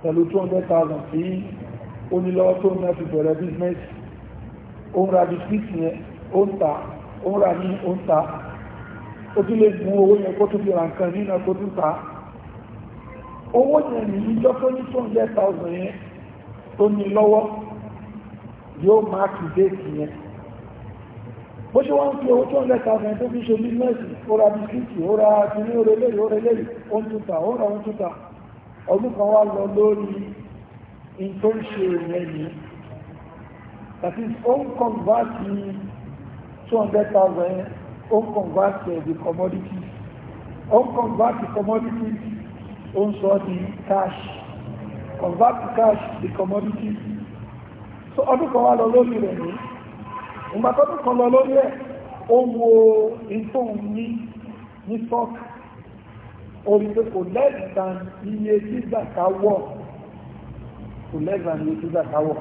pẹ̀lú 200,000 tí ó ní lọ́wọ́ tó ní ẹ̀fì bẹ̀rẹ̀ bísínẹ́sì ó ń ra bisikíìtì yẹn ó ń ta ó ń ra ní ó ń ta ó tún lè gun owó yẹn kó tún fi ra nǹkan nínú kó tún ta owó yẹn ní ìjọ tó ní 200,000 yẹn tó ní lọ́wọ́ yóò máa kì déètì yẹn bó ṣe wọ́n fi owó 200,000 tó fi ṣe bísínẹ́sì ó ra bisikíìtì ó ra kìíní ó relé ó ń tún ta ó ra ó ń tún ta ọdún kan wá lọ lórí in tó ń ṣe ìrẹ́ni tàbí ó ń kọ̀nvátì 200,000 ó ń kọ̀nvátì ẹ̀dì commodity ó convert kọ̀nvátì commodity ó ń sọ di cash convert cash the commodity so ọdún kan wá lọ lórí rẹ̀ ní ìgbàkọ́dún kan lọ lórí ẹ̀ ó wo in ní stock O pé kò lẹ́ẹ̀ta iye tí o wọ̀ kò lẹ́ẹ̀ta iye tí zaka wọ̀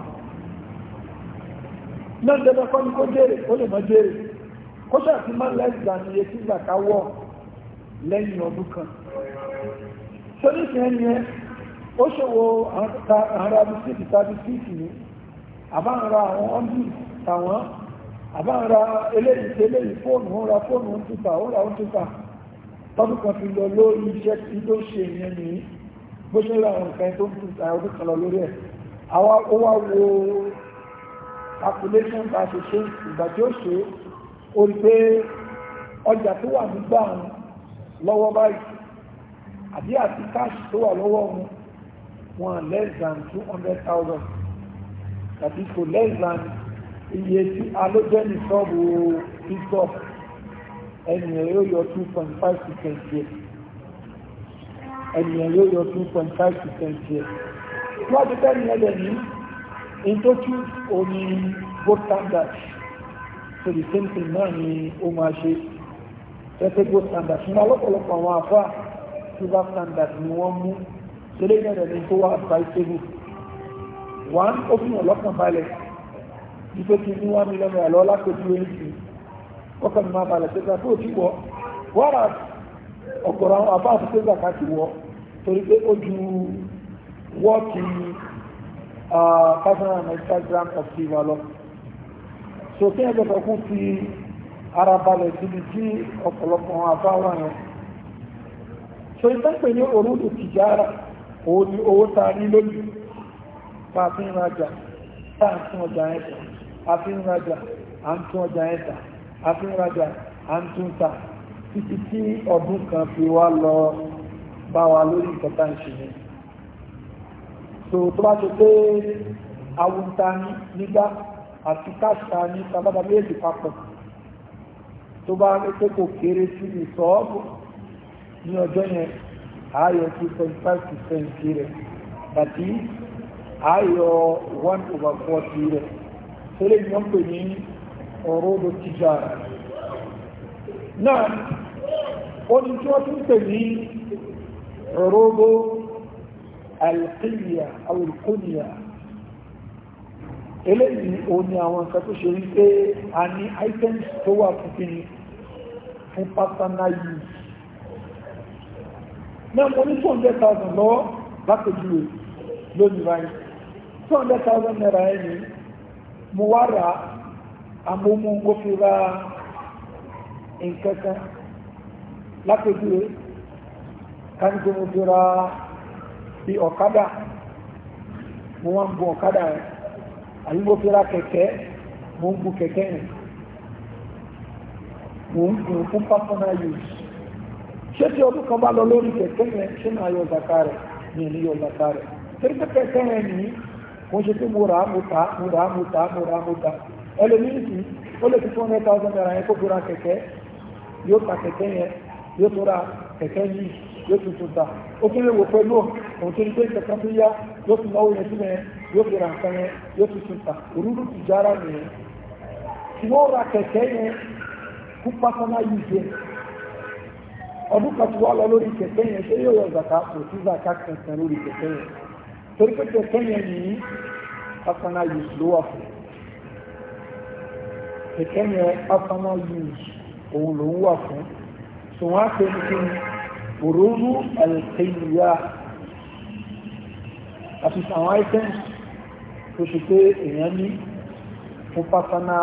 náà jẹ́bẹ́ kọ́ ní kó jèrè ó lè mọ́ jèrè kó ṣàfi má lẹ́ẹ̀ta iye tí zaka wọ̀ lẹ́yìn kan ara ní àbáǹra àwọn ọ́ndì tàwọn àbáǹra eléyìí tọ́dún kan fi lọ lórí iṣẹ́ tí tó ṣe ìyẹn ní bó ṣe rí àwọn nǹkan tó ń tún ta ọdún kan lọ lórí ẹ̀ àwa ó wo calculation bá ṣe ṣe ìgbà tí ó ṣe ó rí pé ọjà tó wà nígbà òun lọ́wọ́ báyìí àbí àti káàṣì tó wà lọ́wọ́ òun wọn less than two hundred thousand tàbí kò less than iye tí alójẹ́ ní sọ́ọ̀bù pípọ̀ ẹnìyàn yóò yọ two point five percent yẹ ẹnìyàn yóò yọ two point five percent yẹ wọ́n ti in tó tú omi both standards so the same thing náà ni ó máa ṣe tẹ́tẹ́ both standards ní ọlọ́pọ̀lọpọ̀ àwọn afá silver standard ni wọ́n mú tẹ́lẹ̀ yẹn lẹ́ni tó wà advisable one ó fi hàn lọ́kàn balẹ̀ nípa kí ní one million naira lọ́ọ́ lápẹ̀jú èyí wọ́n kàn máa balẹ̀ pé zaka ò tí wọ́ wọ́rà ọ̀gọ̀rọ̀ àwọn àbá àti pé zaka ti wọ́ torí pé ó ju wọ́ọ̀kì personal and instagram of tiva lọ so kí ẹgbẹ́ kankan fi ara balẹ̀ síbi tí ọ̀pọ̀lọpọ̀ àbá wà yẹn so ìtàpẹ̀ ní orúdù tìjára òun ni owó ta ní lójú ta fi ń rajà ta ń tún ọjà ẹ̀ta a fi ń rajà a ń tún ọjà ẹ̀ta afínrajà àtúntà títí tí ọdún kan fi wá lọ bá wa lórí ìkọta ìṣẹ̀lẹ̀ so tó bá ṣe pé awúta nígbà àti káṣà ní sábàbà méjì papọ̀ tó bá rí pé kò kéré sí ìsọ́ọ̀bù ní ọjọ́ yẹn ààyò 2.5% rẹ̀ tàbí ààyò 1 rẹ̀ tó lè yàn pè ní òródo tìjára náà ó ní tí wọ́n tún pè ní òródo alkíyà alkúnìyà eléyìí o ní àwọn nǹkan tó ṣe rí pé a ní items tó wà fúnfin fún pátánà yìí náà mo ní 200,000 lọ lápẹjúwe lónìí báyìí 200,000 naira ẹni mo wá rà amómú kó fi ra nǹkan kan lápèjúwe kánikó mo fi ra bí ọ̀kadà mo wá ń bu ọ̀kadà rẹ̀ àbí mo fi ra kẹ̀kẹ́ mo ń bu kẹ̀kẹ́ rẹ̀ mo ń bu fún personal use ṣé tí ọdún kan bá lọ lórí kẹ̀kẹ́ yẹn ṣé máa yọ zaka rẹ̀ ní ìlú yọ zaka rẹ̀ kẹ̀kẹ́ yẹn nìyí mo ṣe pé mo rà á mo tà á mo rà á mo tà á mo rà á mo tà á. ẹlòmíì sì ó lè fi two hundred thousand naira yẹn kó fi ra ya yóò ta kẹ̀kẹ́ fi ra nǹkan ta òrùlù tìjára nìyẹn wọ́n ra kẹ̀kẹ́ yẹn kú pátánà yìí ike. ọdún kan tí wọ́n lọ lórí kẹ̀kẹ́ yẹn ṣé yóò yọ zaka kò sí ike kankan lórí kẹ̀kẹ́ yẹn torí pé ìkẹ́ni afama use òun ló ń wà fún tí wọ́n á pè ní kí ni òróró àlùkẹ́yìá àti àwọn items tó ṣe pé èèyàn ní fún pátánà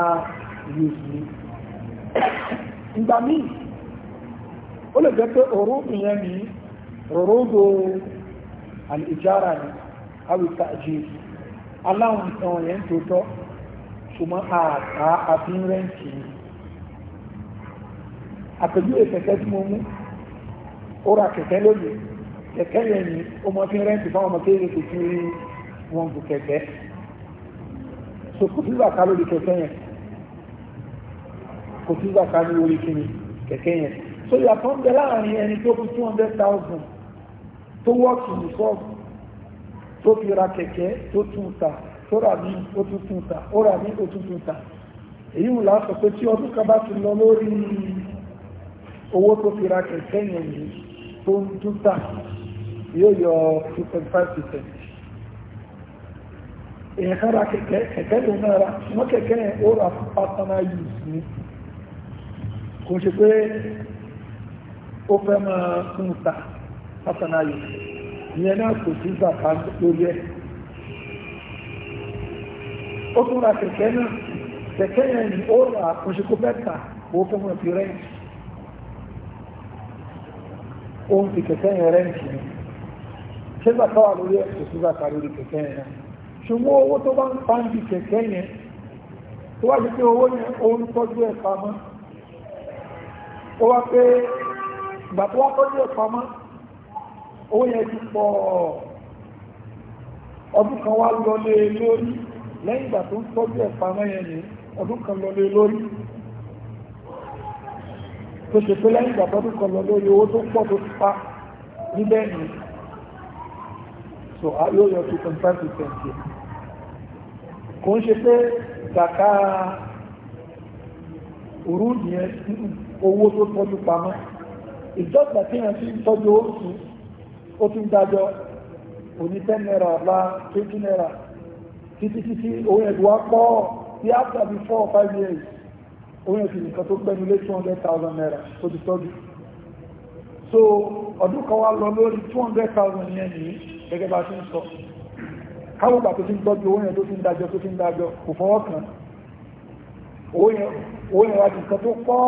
use ni ìgbà míì ó lè jẹ́ pé òróró yẹn ni òróró àlùjára ni àwìtàjì aláwọn nǹkan yẹn tó tọ́ ṣùgbọ́n àtà àfin rẹ́ǹtì ni àpèjúwe kẹ̀kẹ́ tí mo mú ó ra kẹ̀kẹ́ lónìí kẹ̀kẹ́ yẹn ni ó mọ fi rẹ́ǹtì fáwọn ọmọ kéékèèké tí wọ́n gùn kẹ̀kẹ́ so kò sí zàká lórí kẹ̀kẹ́ yẹn kò sí zàká ní orí kíni kẹ̀kẹ́ yẹn so ìyàtọ̀ ń bẹ láàrin ẹni tó kú two hundred thousand tó wọ́ọ̀kì nìkọ́ọ̀bù tó fi ra kẹ̀kẹ́ tó tún ta ó rà ní òtútùn ta ó rà ní òtútùn ta èyí wù láàpọ̀ pé tí ọdún kan bá ti lọ lórí owó tó fi ra kẹ̀kẹ́ yẹn yìí tó ń tún tà yóò yọ 2.5% èyàn kan ra kẹ̀kẹ́ kẹ̀kẹ́ lè náà ra wọ́n kẹ̀kẹ́ yẹn ó ra personal use ní kò ṣe pé ó fẹ́ máa ń personal use ìyẹn náà kò sí zàkà lórí ẹ̀ ó tún ra kẹ̀kẹ́ náà kẹ̀kẹ́ yẹn ni ó rà oṣùkú mẹ́ta owó fún wọn fi rẹ́ǹtì ó ń fi kẹ̀kẹ́ yẹn rẹ́ǹtì ni ṣé bàtà wà lórí ẹ̀sùn sí bàtà lórí kẹ̀kẹ́ yẹn náà ṣùgbọ́n owó tó bá ń pa ń di kẹ̀kẹ́ yẹn tó wá sí pé owó yẹn ó ń tọ́jú ẹ̀ pamọ́ ó wá pé ìgbà tó wá tọ́jú ẹ̀ ọdún kan wá lọlé lórí lẹ́yìn ìgbà tó ń tọ́jú ẹ̀pá mẹ́yẹn ní ọdún kan lọ lé lórí tó ṣe pé lẹ́yìn ìgbà tọ́dún kan lọ lórí owó tó pọ̀ tó ti pa níbẹ̀ ní so a yóò yọ 2.5 percent kò ń ṣe pé kàkà òru nìyẹn owó tó tọ́jú pamọ́ ìjọba tí wọ́n ti ń tọ́jú ó tún dájọ́ oní 10 naira 20 naira títí títí òun ẹ̀dùn wá pọ̀ bí after bí four or five years òun ẹ̀sìn nìkan tó gbẹ́nu lé two hundred thousand naira tó ti tọ́jú so ọdún kan wá lọ lórí two hundred thousand yẹn nìyí gẹ́gẹ́ bá ti ń sọ káwọn gbà tó ti ń tọ́jú owó yẹn tó ti ń dájọ́ tó ti ń dájọ́ kò fọwọ́ kàn owó yẹn wá ti nǹkan tó pọ̀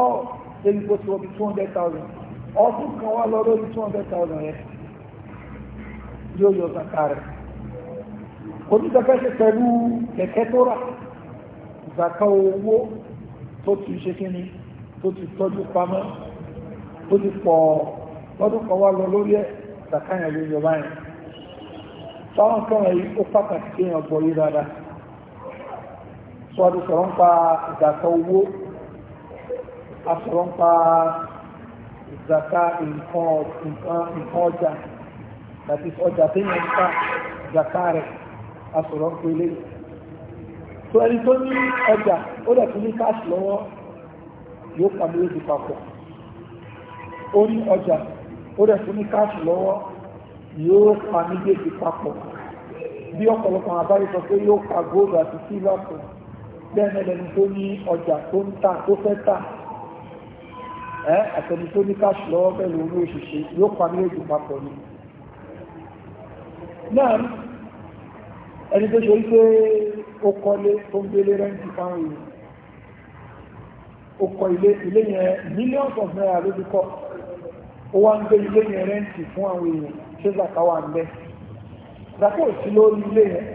lórí bó ti wọ́n bí two hundred thousand ọdún kan wá lọ lórí two hundred thousand yẹn yóò yọ zaka rẹ̀ onígbàgbẹ́ ṣe pẹ̀lú kẹ̀kẹ́ tó rà ìgbàkà owó tó ti ṣe kí ni tó ti tọ́jú pamọ́ tó ti pọ̀ lọ́dún kan wá lọ lórí ẹ̀ ìgbàkà yẹn ló yọba yẹn táwọn kan yìí ó pàtàkì kí èèyàn gbọ́ yí dáadáa sọ́ọ́dún sọ̀rọ̀ ń pa ìgbàkà owó asọ̀rọ̀ ń pa ìgbàkà nǹkan ọjà that is ọjà téèyàn ń pa ìgbàkà rẹ̀ asọ̀rọ̀ pélé tó ẹni tó ní ọjà ó dẹ̀ tún ní káàṣì lọ́wọ́ yóò pa méjèèjì papọ̀ ó ní ọjà ó dẹ̀ tún ní káàṣì lọ́wọ́ yóò pa méjèèjì papọ̀ bí ọ̀pọ̀lọpọ̀ àbáyé sọ pé yóò pa góòlù àti sílá pọ̀ bẹ́ẹ̀ náà lẹni tó ní ọjà tó ń ta tó fẹ́ tà ẹ́ àtẹni tó ní káàṣì lọ́wọ́ bẹ́ẹ̀ lórí òṣìṣẹ́ yóò pa méjèèjì papọ̀ ni náà ẹni tó ṣe wípé ó kọ́lé tó ń gbélé rẹ́ǹtì fáwọn èèyàn ó kọ́ ilé ilé yẹn millions of naira ló ti kọ́ ó wá ń gbé ilé yẹn rẹ́ǹtì fún àwọn èèyàn ṣé zaka wà ń bẹ́ zaka ò sí lórí ilé yẹn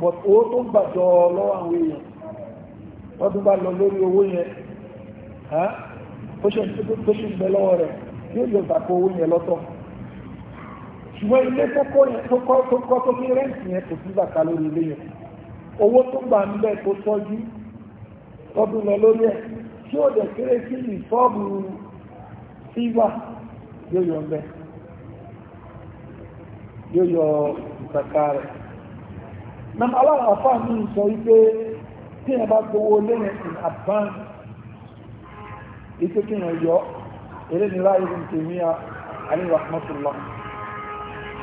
but owó tó ń gbàjọ lọ́wọ́ àwọn èèyàn wọ́n bá lọ lórí owó yẹn ó ṣe ń bẹ lọ́wọ́ rẹ̀ yóò yọ zaka owó yẹn lọ́tọ̀ ṣùgbọ́n ilé tó kọ́ tó kí rẹ́ǹtì yẹn kò sí bàtà lórí ilé yẹn owó tó gbà ń tó tọ́jú tọ́dún lọ lórí ẹ̀ tí ó dẹ̀ kéré sí ìfọ́ọ̀bù sílvà yóò yọ ọ̀bẹ yóò yọ ìtàkà rẹ̀ náà aláwọ̀ afá mi sọ wípé tí bá gbowó lẹ́yìn in advance yọ eré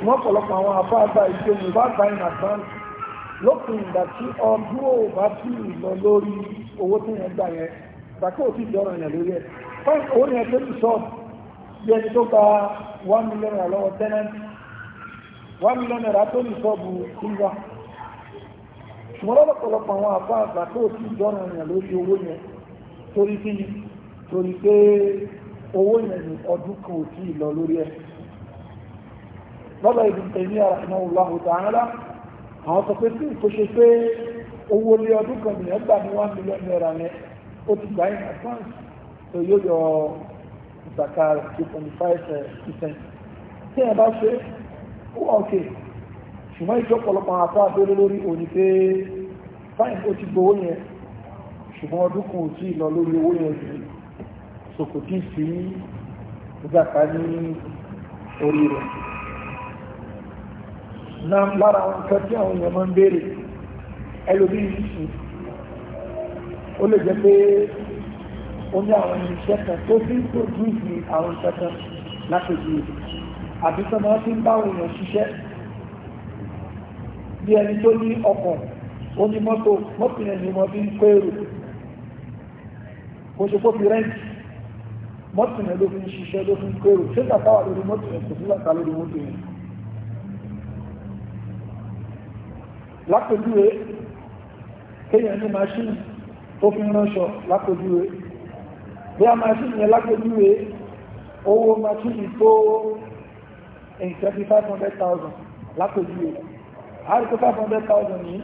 wọ́n pọ̀lọpọ̀ àwọn afáàgbà ìṣe yorùbá báyìí nàìjíríà lópin ìgbà tí ọdún ò bá tí ì lọ lórí owó tí yẹn gbà yẹn tàkì òtí ìjọra yẹn lórí ẹ̀ fún owó yẹn tó ti sọ bí ẹni tó gba one million naira lọ́wọ́ tẹ́nẹ́ntì one million naira tó ti sọ bu ìwà ṣùgbọ́n lọ́pọ̀lọpọ̀ àwọn afáàgbà tó ti ìjọra yẹn lórí owó yẹn torí kí torí pé owó yẹn ní ọdún kan ò tí ì lórí ẹ̀ lọ́dọ̀ Ibn Taymiyyah rahimahullahu ta'ala àwọn sọ pé tí kò ṣe pé owó lé ọdún kan nìyẹn gbà ní one million naira yẹn ó ti gbà yín advance tó yóò yọ ìsàkà two point five percent tí ẹ bá ṣe ó wà òkè ṣùgbọ́n ìjọpọ̀lọpọ̀ àpá abẹ́rẹ́ lórí òní pé fáìn ó ti gbowó yẹn ṣùgbọ́n ọdún kan ò tí ì lọ lórí owó yẹn jù sòkòtì sí ìgbàkà ní orí rẹ̀ na lára àwọn nǹkan tí àwọn èèyàn máa ń béèrè ẹlòmí ìsù ó lè jẹ́ pé ó ní àwọn irinṣẹ́ kan tó fi ń tòjú ìsì àwọn nǹkan kan látòjú rẹ̀ àbí tó máa fi ń bá àwọn èèyàn ṣiṣẹ́ bí ẹni tó ní ọkọ̀ ó ní mọ́tò mọ́tò yẹn ni wọ́n fi ń kó èrò kó ṣe kó fi rẹ́ǹtì mọ́tò yẹn ló fi ń ṣiṣẹ́ ló fi ń kó èrò ṣé tàbá lórí mọ́tò yẹn kò sí wà lórí mọ́tò yẹn lápòjúwe kéèyàn ní machine tó fi ránṣọ lápòjúwe bí a machine yẹn lápòjúwe owó machine tó nǹkan bí five hundred thousand lápòjúwe àríkò five hundred thousand ní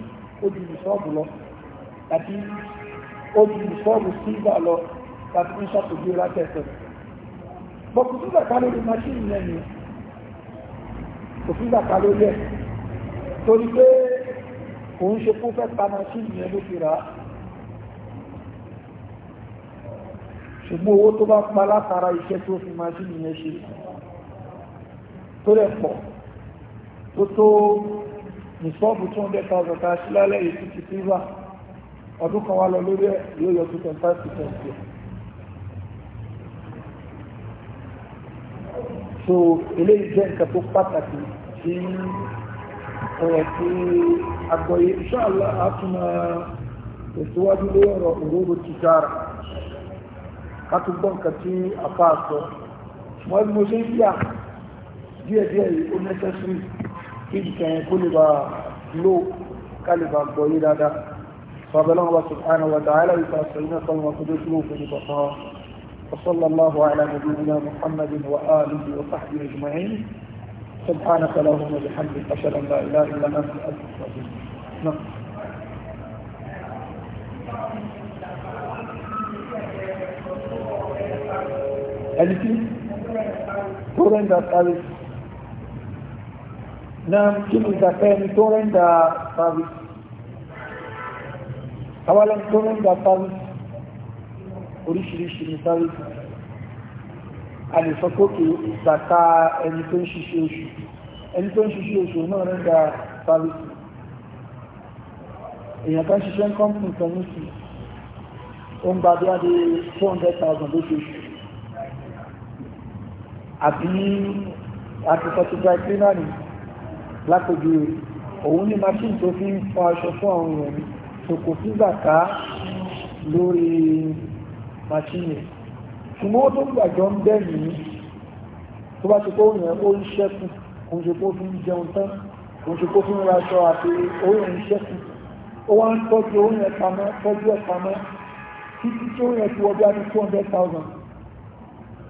ó ju ìṣọ́ọ̀bù lọ àti ó ju ìṣọ́ọ̀bù sílvà lọ láti ní ṣàpòjúwe látẹ̀sẹ̀ bọ̀kù sígbà ká lórí machine yẹn ni kò sígbà ká lórí ẹ̀ torí pé kò ń ṣe kó fẹ́ ta machine yẹn ló fi rà á ṣùgbọ́n owó tó bá pa látara iṣẹ́ tó fi machine yẹn ṣe tó rẹ̀ pọ̀ tó tó ní sọ́ọ̀bù two hundred thousand ká sí lálẹ́ yìí títí sílvà ọdún kan wá lọ lórí ẹ̀ yóò yọ two so eléyìí jẹ́ nǹkan tó pàtàkì sí ọ̀rọ̀ tí àgbọ̀yé inshallah àtúnmọ̀ tẹ̀síwájú lé ọ̀rọ̀ òróró tìjára látúgbọ́n kan tí àpá àsọ wọ́n bí mo ṣe ń yà díẹ̀díẹ̀ yìí ó necessary kí ìkẹyìn kó lè bá lò ká lè bá gbọ́yé dáadáa فضل الله سبحانه وتعالى يتأسلنا صلى في البصار وصلى الله على نبينا محمد وآله وصحبه أجمعين سبحانك اللهم وبحمدك أشهد أن لا إله إلا أنت أستغفرك نعم Anything? Tó rẹ̀ndà service. Náà kí ni ìdàkẹ́ ni tó rẹ̀ndà service? Àwọn ẹni tó rẹ̀ndà service. Oríṣiríṣi ni service. a lè sọ pé kì í bàtà ẹni tó ń ṣiṣẹ́ oṣù ẹni tó ń ṣiṣẹ́ oṣù náà ń gba sáfíìsì èèyàn kan ṣiṣẹ́ ń kọ́mpù kan ní sí ó ń gba bí wá dé four hundred thousand àbí àti sọtúgbà ìpínlẹ̀ ní lápòjú òun ní machine tó fi ń fọ aṣọ fún àwọn èèyàn ní kò fún gbàká lórí machine yẹn ṣùgbọ́n ó tó gbàjọ ń bẹ́ nìyí tó bá ti kó yẹn ó ń ṣẹ́kù kò ń ṣe kó fi ń jẹun tán kò ń ṣe kó fi raṣọ àti oyin ń ṣẹ́kù ó wá ń tọ́jú oyin ẹ̀pamọ́ tọ́jú ẹ̀pamọ́ títí tí oyin ẹ̀tú ọdún àti two hundred thousand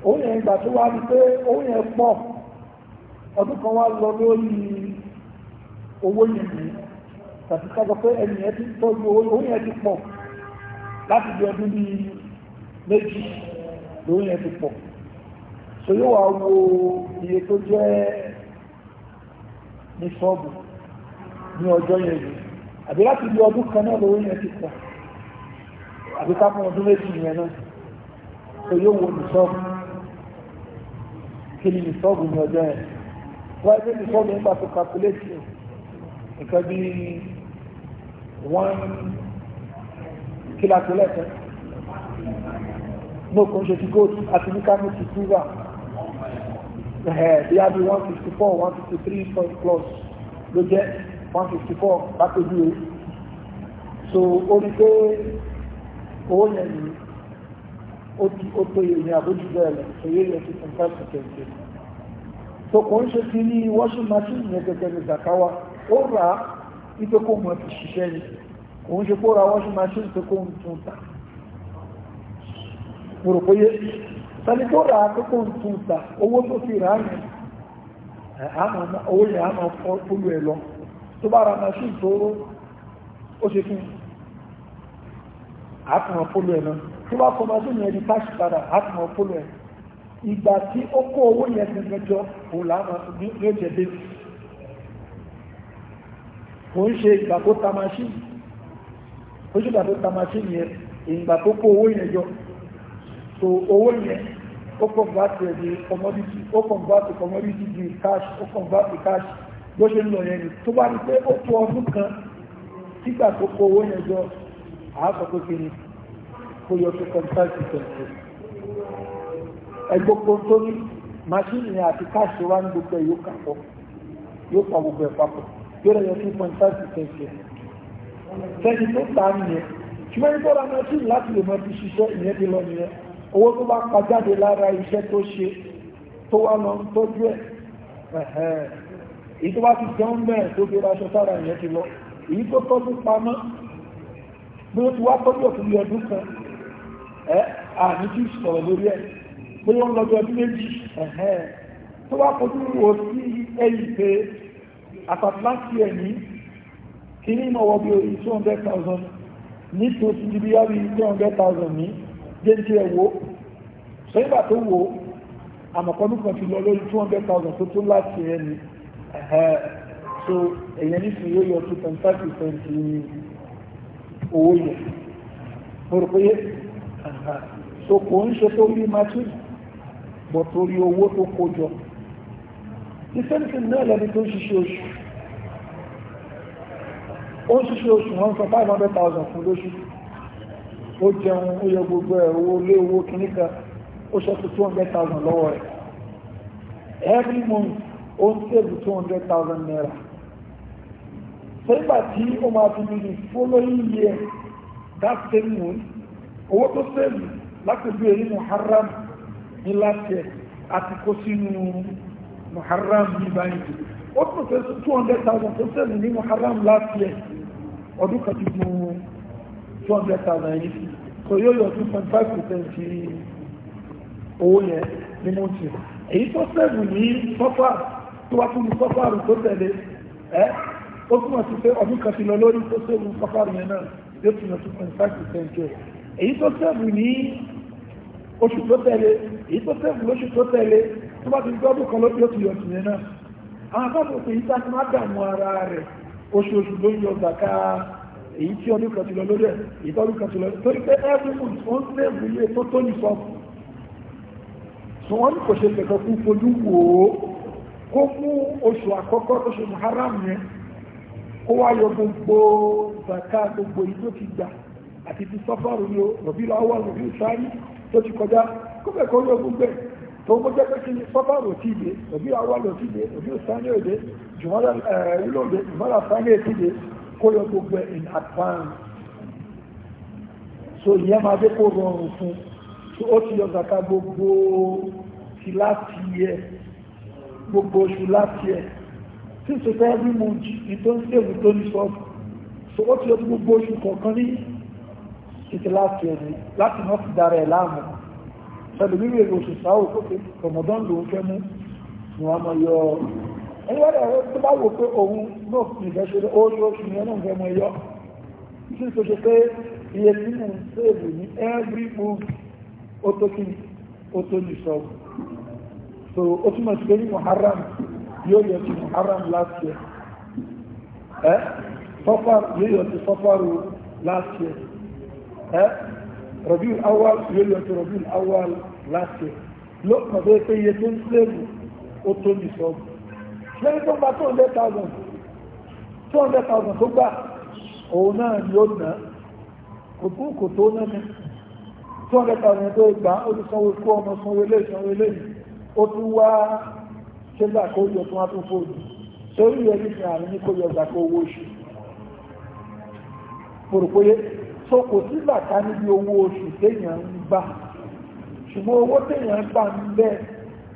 oyin ẹ̀gbà tó wá ní pé oyin ẹ̀pọ̀ ọdún kan wá lọ lórí owó yẹn nìyí lórí yẹn ti pọ̀ so yóò wá wo iye tó jẹ́ ní sọ́ọ̀bù ní ọjọ́ yẹn yìí àbí láti ibi ọdún kan náà lórí yẹn ti pọ̀ àbí ká fún ọdún méjì yẹn náà so yóò wo ní sọ́ọ̀bù kí ni ní sọ́ọ̀bù ní ọjọ́ yẹn wọ́n ẹgbẹ́ ní sọ́ọ̀bù nígbà tó calculate nǹkan bí one kí la tó no kò ń ṣe ti gold àti ní kánú ti silver bí a bí one fifty four one fifty three point plus ló jẹ́ one fifty four pátójú o so ó rí pé owó yẹn ni ó tó ìròyìn àbójú bẹ́ẹ̀ lọ èyí rẹ̀ ti fún five percent so kò ń ṣe ti ní washing machine yẹn gẹ́gẹ́ ní zakawa ó rà á wípé kó mọ̀ ti ṣiṣẹ́ ni kò ń ṣe kó ra washing machine pé kó ń ta gbòròpóyé tàbí tó rà àkókò tún ta owó tó fi rà ní owó yẹn àmà fọ́lú ẹ̀ lọ tó bá ra machine tó ó ṣe fún àtùmọ̀ fọ́lú ẹ̀ náà tó bá kọ machine yẹn di cash padà àtùmọ̀ fọ́lú ẹ̀ ìgbà tí ó kó owó yẹn gbẹgbẹ jọ òun làwọn ní oúnjẹ dé kò ń ṣe ìgbà tó ta ó ṣe ìgbà so owó yẹn ó convert rẹ̀ di commodity ó convert commodity di cash ó convert cash bó ṣe ń lọ yẹn ni tó bá ní pé ó tó ọdún kan nígbà tó kó owó yẹn jọ àásọ pé kí ni kó yọ tó convert ìtẹ̀sẹ̀ ẹgbogbo tó ní machine yẹn àti cash wá ní gbogbo ẹ̀ yóò kà pọ̀ yóò pa gbogbo ẹ̀ papọ̀ yóò rẹ̀ yọ two point five percent yẹn tó ta nìyẹn ṣùgbọ́n ìbọ̀ra machine láti lè mọ ti ṣiṣẹ́ ìyẹn ti lọ nìyẹn owó tó bá pa jáde lára iṣẹ́ tó ṣe tó wá lọ tọ́jú ẹ̀ èyí tó bá ti jẹun bẹ́ẹ̀ tó gbé aṣọ sára ìyẹn ti lọ èyí tó tọ́jú pamọ́ bí ó ti wá tọ́jú ọ̀tún bí ọdún kan ẹ́ àmì tí sọ̀rọ̀ lórí ẹ̀ pé ó ń lọ́jọ́ ọdún méjì tó bá fojú wo sí ẹ̀yìn pé àtàtàkì ẹ̀ ní kí ní ìmọ̀wọ́ bí orí 200,000 ní tó ti di bí yá bí 200,000 ní jẹ́ntì ẹ̀ wò sọ́yìnbà tó wò àmọ̀kọ́dún kan ti lọ lórí two hundred thousand tó tó láti ẹ̀ ni so èyàn nífi yóò yọ two point five percent owó yẹn mo rò pé so kò ń ṣe tó rí matthew bọ̀ torí owó tó kó jọ ìfẹ́ǹtì náà lẹ́ni tó ń ṣiṣẹ́ oṣù ó ń ṣiṣẹ́ oṣù wọn sọ five fún lóṣù ó jẹun ó yọ gbogbo ẹ̀ owó lé owó kìníkà ó ṣẹ́kù 200,000 lọ́wọ́ rẹ̀ every month ó ń save 200,000 naira sẹ́gbà tí ó máa fi ní following year that same month owó tó save lápẹ̀bí e èyí haram ní last year àti kó sínú Muharram ní báyìí ó tún fẹ́ 200,000 tó save ní haram last year ọdún kan ti two hundred thousand yìí sí so yóò yọ two point five percent ti owó yẹn ní mọ́tì èyí tó sẹ́ẹ̀bù ní sọ́fà tó wá fún mi sọ́fà rù tó tẹ̀lé ẹ́ ó túmọ̀ sí pé ọdún kan ti lọ lórí tó sẹ́ẹ̀bù sọ́fà rù yẹn náà yóò tún lọ two point five percent yẹn èyí tó sẹ́ẹ̀bù ní oṣù tó tẹ̀lé èyí tó sẹ́ẹ̀bù lóṣù tó tẹ̀lé tó bá ti gbọ́dún kan lóṣù yóò tún yọ tún yẹn náà àwọn akọ́kọ̀ọ́ èyí tí ọdún kan ti lọ lórí ẹ̀ ìtọ́dún kan ti lọ torí pé everyone ó ń lè wù ilé tó tó ní sọ so wọ́n ní kò ṣe kẹ̀kọ́ kú fojú wò ó kó mú oṣù àkọ́kọ́ oṣù Muharram yẹn kó wá yọ gbogbo zaka gbogbo yìí tó ti gbà àti ti sọ́fàrù ní rọ̀bí lọ́wọ́ rọ̀bí sáárì tó ti kọjá kó bẹ̀ kó yọ gbogbo ẹ̀ tó gbọ́jẹ́ pé kí ni sọ́fàrù ò tíì dé rọ̀bí lọ́wọ́ rọ̀bí sáárì ò dé jùmọ́lá eh, sáárì ò tíì dé kó yọ gbogbo ẹ̀ in advance so ìyẹn máa dé kó rọrùn fún so ó ti yọ zaka gbogbo ti láti yẹ gbogbo oṣù láti yẹ tí so fẹ́ rí mu ní tó ń sèwù tó ní sọ́ọ̀bù so ó ti yọ gbogbo oṣù kọ̀ọ̀kan ní títí láti yẹ láti náà fi dára ẹ̀ láàmú pẹ̀lú wíwèrè oṣù sáwò kókè rọmọdán lòún fẹ́ mú ni wọ́n máa yọ ẹ̀yọ́ rẹ̀ tó bá wò pé òun náà fi ìfẹ́ ṣe orí oṣù yẹn náà fẹ́ mọ ẹyọ́ sí tó ṣe pé iye tí mò ń sèèbù ní every move ó tó kí ó ní sọ so ó túmọ̀ sí pé ní Muharram yóò yọ ti Muharram last year ẹ́ sọ́fàr yóò yọ ti sọ́fàrù last year ẹ́ Rabiul Awal yóò yọ ti Rabiul Awwal last year lókùnmọ̀ tó yẹ pé iye tó ń sèèbù ó tó ní sọ́ọ̀bù lẹ́yìn tó gba 200,000 200,000 tó gbà òun náà ni ó nà kò tún kò tó náà ni 200,000 tó gbà ó ti sanwó kó ọmọ sanwó ilé sanwó ilé ó tún wá ṣe gbà kó yọ tó wá tó fóònù torí rẹ̀ ní fi àrùn ní kó yọ gbà kó owó oṣù pòròpóyé so kò sí bàtà níbi owó oṣù téèyàn ń gbà ṣùgbọ́n owó téèyàn ń gbà ń bẹ́ẹ̀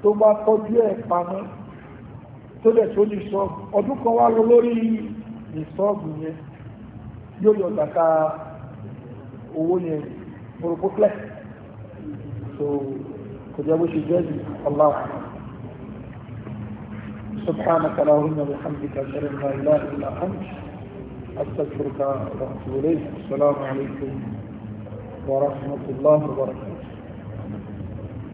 tó bá tọ́jú ẹ̀ pamọ́ tó dẹ̀ tó ní sọ ọdún kan wá lọ lórí ìsọ́ọ̀bù yẹn yóò yọ gbàtà owó yẹn orúkú so kò jẹ́ bó ṣe jẹ́ yìí Allah سبحانك اللهم وبحمدك اشهد ان لا اله الا انت استغفرك واتوب اليك السلام عليكم ورحمه الله وبركاته